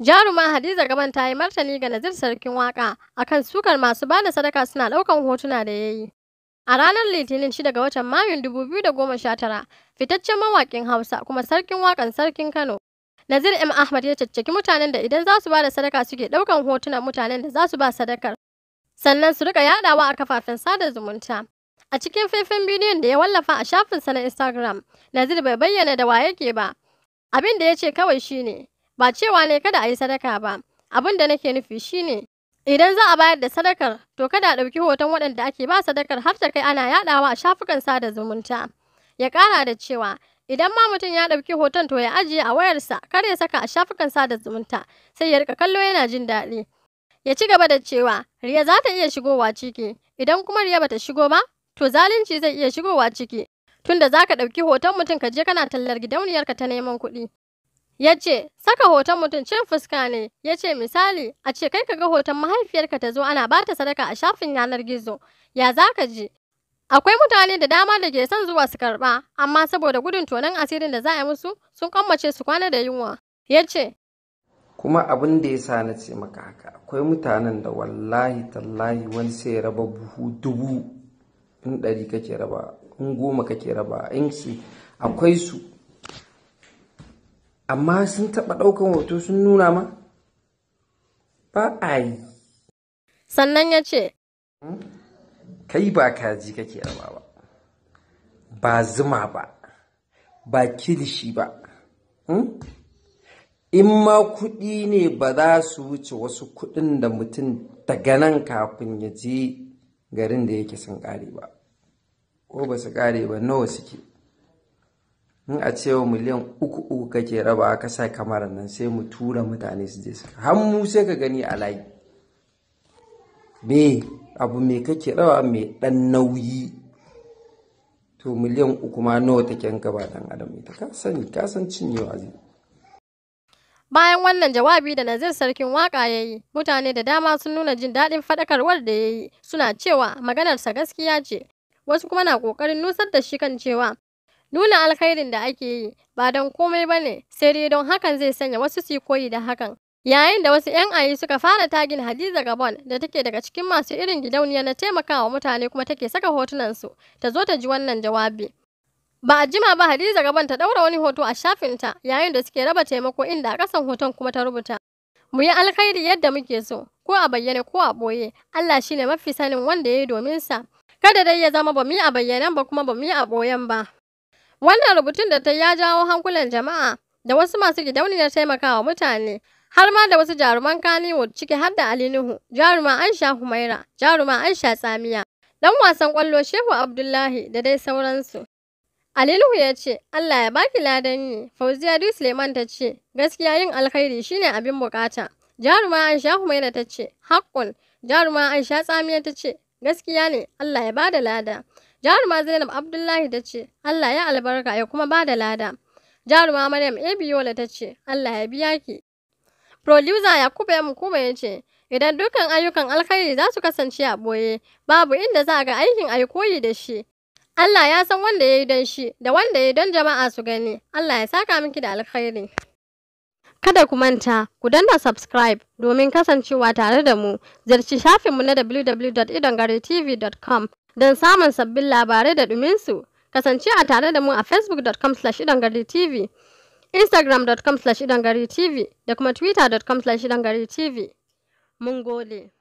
Jaruma Hadiza Gaban ta yi martani ga Nazir Sarkin Waka akan sukar masu bada sadaka suna ɗaukan hotuna da ya yi. A ranar Litinin 6 ga watan Mayun 2019, fitaccen mawakin Hausa kuma Sarkin Wakan Sarkin Kano. Nazir M. Ahmad ya caccaki mutanen da idan za su ba da sadaka suke ɗaukan hotunan mutanen da za su ba sadakar. Sannan su rika yaɗawa a kafafen sada zumunta. A cikin faifan bidiyon da ya wallafa a shafinsa na Instagram, Nazir bai bayyana da wa yake ba. Abin da ya ce kawai shi ne. ba cewa ne kada a yi sadaka ba abin da nake nufi shine idan za a bayar da sadakar to kada a ɗauki hoton waɗanda ake ba sadakar har ta kai ana yaɗawa a shafukan sada zumunta ya ƙara da cewa idan ma mutum ya ɗauki hoton to ya ajiye a wayarsa kar ya saka a shafukan sada zumunta sai ya rika kallo yana jin daɗi ya ci gaba da cewa riya za ta iya shigowa ciki idan kuma riya bata shigo ba to zalunci zai iya shigowa ciki tunda za ka ɗauki hoton mutum ka je kana tallar gidauniyarka ta neman kuɗi ya ce saka hoton mutum cin fuska ne ya ce misali a ce kai ka ga hoton mahaifiyarka ta zo ana ba ta sadaka a shafin yanar gizo ya za ka ji akwai mutane da dama da ke son zuwa su karba amma saboda gudun tonon asirin da za a yi musu sun kwammace su kwana da yunwa ya ce kuma abin da ya sa na ce maka haka akwai mutanen da wallahi tallahi wani sai raba buhu dubu in ɗari kake raba in goma kake raba in akwai su amma sun taɓa ɗaukan hoto sun nuna ma ba a yi sannan ya ce hmm? kai ba kaji kake rama ba ba zuma ba ba kilishi ba hmm? in ma kuɗi ne ba za su wuce wasu kuɗin da mutum daga nan kafin ya je garin da yake sun ƙare ba ko ba su ƙare ba nawa suke in a cewa miliyan uku uku kake raba ka sa kamar nan sai mu tura mutane su je suka hannu sai ka gani a layi me abu me kake raba mai dan nauyi to miliyan uku ma nawa take yanka gaba dan adam ita ka sani ka san cinyewa zai Bayan wannan jawabi da Nazir Sarkin Waka ya yi, mutane da dama sun nuna jin daɗin faɗakarwar da ya yi, suna cewa maganarsa gaskiya ce. Wasu kuma na ƙoƙarin nusar da shi kan cewa Nuna alkhairin da ake yi ba don komai ba ne, sai dai don hakan zai sanya wasu su koyi da hakan. Yayin da wasu 'yan ayi suka fara tagin Hadiza Gabon da take daga cikin masu irin gidauniya na taimakawa mutane kuma take saka hotunan su ta zo ta ji wannan jawabi. Ba a jima ba Hadiza Gabon ta ɗaura wani hoto a shafinta yayin da suke raba taimako inda a kasan hoton kuma ta rubuta. Mu yi alkhairi yadda muke so, ko a bayyane ko a ɓoye, Allah shine mafi sanin wanda ya yi domin sa. Kada dai ya zama ba mu yi a bayyanen ba kuma ba mu yi a ɓoyen ba. Wannan rubutun da ta ya jawo hankulan jama'a da wasu masu gidauniyar taimakawa mutane, har ma da wasu jaruman Kannywood ciki har da Ali Nuhu, jaruma Aisha Humaira, jaruma Aisha Tsamiya, dan wasan kwallo Shehu Abdullahi da dai sauransu. Ali Nuhu ya ce, Allah ya baki ladan yi, Fauziya Du Suleiman ta ce, gaskiya yin alkhairi shine abin bukata. Jaruma Aisha Humaira ta ce, haƙƙun, jaruma Aisha Tsamiya ta ce, gaskiya ne, Allah ya bada lada. Jaruma Zainab Abdullahi ta ce, Allah ya albarka ya kuma ba da lada. Jaruma Maryam Abiola ta ce, Allah ya biya ki. Producer Yakubu mu Kuma ya ce, Idan dukkan ayyukan alkhairi za su kasance a boye babu inda za a ga aikin a koyi da shi. Allah ya san wanda ya yi don shi, da wanda ya yi don jama'a su gani. Allah ya saka miki da alkhairi. Kada ku manta, ku danna subscribe domin kasancewa tare da mu. Ziyarci shafinmu na www.idongaretv.com Don samun sabbin labarai da ɗuminsu, kasance a tare da mu a facebookcom tv instagramcom tv da kuma twittercom tv Mun gode.